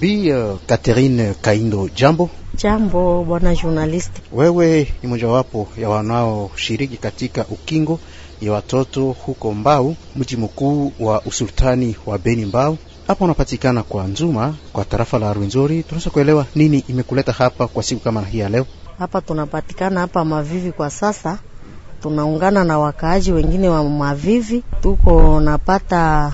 Bi uh, Catherine Kaindo, jambo. Jambo bwana journalist Wewe ni mojawapo ya wanaoshiriki katika ukingo ya watoto huko Mbau, mji mkuu wa usultani wa Beni. Mbau hapa unapatikana kwa Nzuma, kwa tarafa la Rwenzori. Tunaweza kuelewa nini imekuleta hapa kwa siku kama hii ya leo? Hapa tunapatikana hapa Mavivi kwa sasa, tunaungana na wakaaji wengine wa Mavivi, tuko napata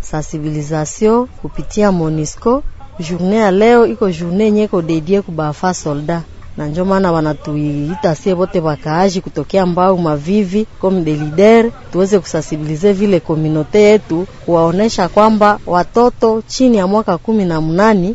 sensibilisation kupitia Monisco Journée ya leo iko journée yenye iko dedie kubafa solda na njo maana wanatuita sie bote wakaaji kutokea Mbau Mavivi comme des leaders, tuweze kusensibilize vile komunote yetu, kuwaonesha kwamba watoto chini ya mwaka kumi na mnani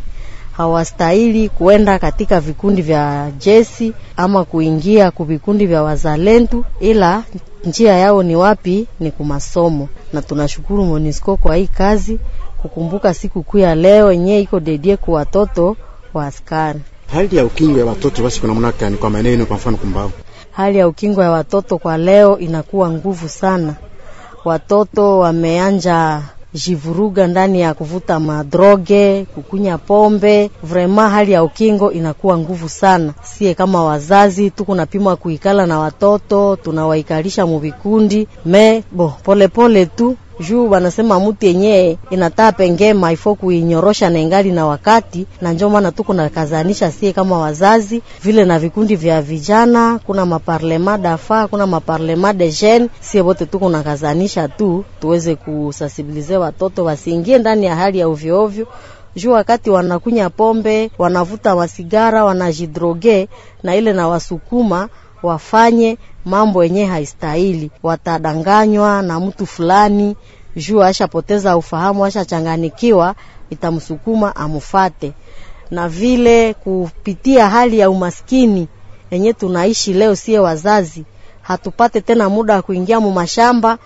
hawastahili kuenda katika vikundi vya jeshi ama kuingia kuvikundi vya wazalentu, ila njia yao ni wapi? Ni kumasomo. Na tunashukuru Monisco kwa hii kazi kukumbuka siku kuu ya leo yenyewe iko dedie kwa watoto wa askari. Hali ya ukingo ya watoto basi kuna mnaka ni kwa maneno, kwa mfano kumbao. Hali ya ukingo ya watoto kwa leo inakuwa nguvu sana, watoto wameanja jivuruga ndani ya kuvuta madroge, kukunya pombe. Vrema hali ya ukingo inakuwa nguvu sana. Sie kama wazazi tuko napimwa kuikala na watoto, tunawaikalisha muvikundi me bo polepole pole tu juu wanasema mtu yenyewe inataa pengema ifo kuinyorosha na ingali na wakati, na njo maana tuko na kazanisha sie kama wazazi vile na vikundi vya vijana, kuna maparlema dafa, kuna maparlema de jeune, sie wote tuko na kazanisha tu tuweze kusensibilize watoto wasiingie ndani ya hali ya ovyo juu wakati wanakunya pombe, wanavuta masigara, wanajidroge na ile na wasukuma wafanye mambo yenye haistahili, watadanganywa na mtu fulani juu ashapoteza ufahamu, ashachanganikiwa, itamsukuma amufate. Na vile kupitia hali ya umaskini yenye tunaishi leo, siye wazazi hatupate tena muda wa kuingia mumashamba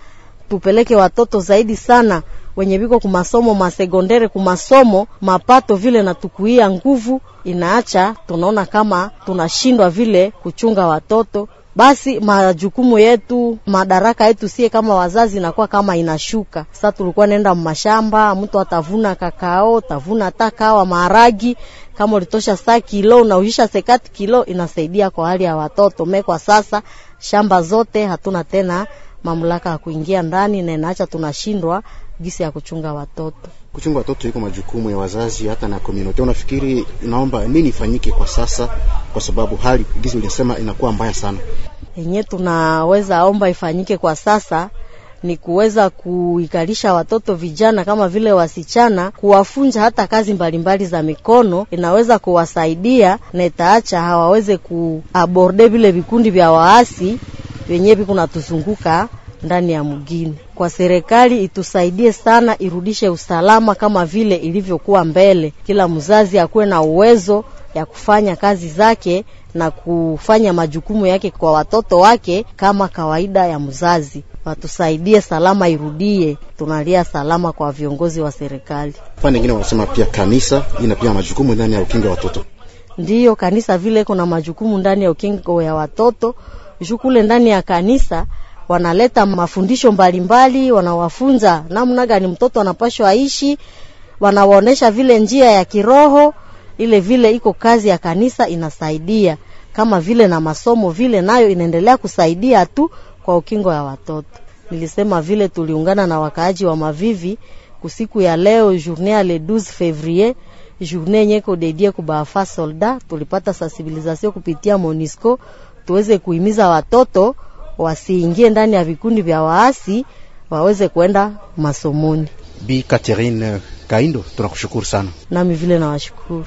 tupeleke watoto zaidi sana wenye biko kumasomo masegondere kumasomo mapato vile natukuia nguvu inaacha, tunaona kama tunashindwa vile kuchunga watoto basi majukumu yetu madaraka yetu sie kama wazazi inakuwa kama inashuka. Sasa tulikuwa nenda mashamba, mtu atavuna kakao, tavuna takawa maharagi, kama ulitosha saa kilo na uisha sekati kilo, inasaidia kwa hali ya watoto me. Kwa sasa shamba zote hatuna tena mamlaka ya kuingia ndani, na inaacha tunashindwa gisi ya kuchunga watoto. Kuchunga watoto iko majukumu ya wazazi hata na community. Unafikiri naomba nini ifanyike kwa sasa, kwa sababu hali gisi ulisema inakuwa mbaya sana? Yenye tunaweza omba ifanyike kwa sasa ni kuweza kuikalisha watoto vijana kama vile wasichana, kuwafunja hata kazi mbalimbali za mikono, inaweza kuwasaidia na itaacha hawaweze kuaborde vile vikundi vya waasi vyenyewe vikunatuzunguka ndani ya mgini. Kwa serikali itusaidie sana, irudishe usalama kama vile ilivyokuwa mbele. Kila mzazi akuwe na uwezo ya kufanya kazi zake na kufanya majukumu yake kwa watoto wake kama kawaida ya mzazi. Watusaidie salama irudie, tunalia salama kwa viongozi wa serikali. Pande nyingine wanasema pia kanisa ina pia majukumu ndani ya ukingo wa watoto. Ndiyo, kanisa vile kuna majukumu ndani ya ukingo ya watoto, juu kule ndani ya kanisa wanaleta mafundisho mbalimbali, wanawafunza namna gani mtoto anapashwa aishi, wanawaonesha vile njia ya kiroho ile vile iko kazi ya kanisa inasaidia kama vile na masomo vile nayo inaendelea kusaidia tu kwa ukingo ya watoto. Nilisema vile tuliungana na wakaaji wa Mavivi kusiku ya leo journée le 12 février, journée yenyeko dedie dédiée solda, Tulipata sensibilisation kupitia Monisco tuweze kuhimiza watoto wasiingie ndani ya vikundi vya waasi, waweze kwenda masomoni. Bi Catherine Kaindo, tunakushukuru sana. Nami vile nawashukuru.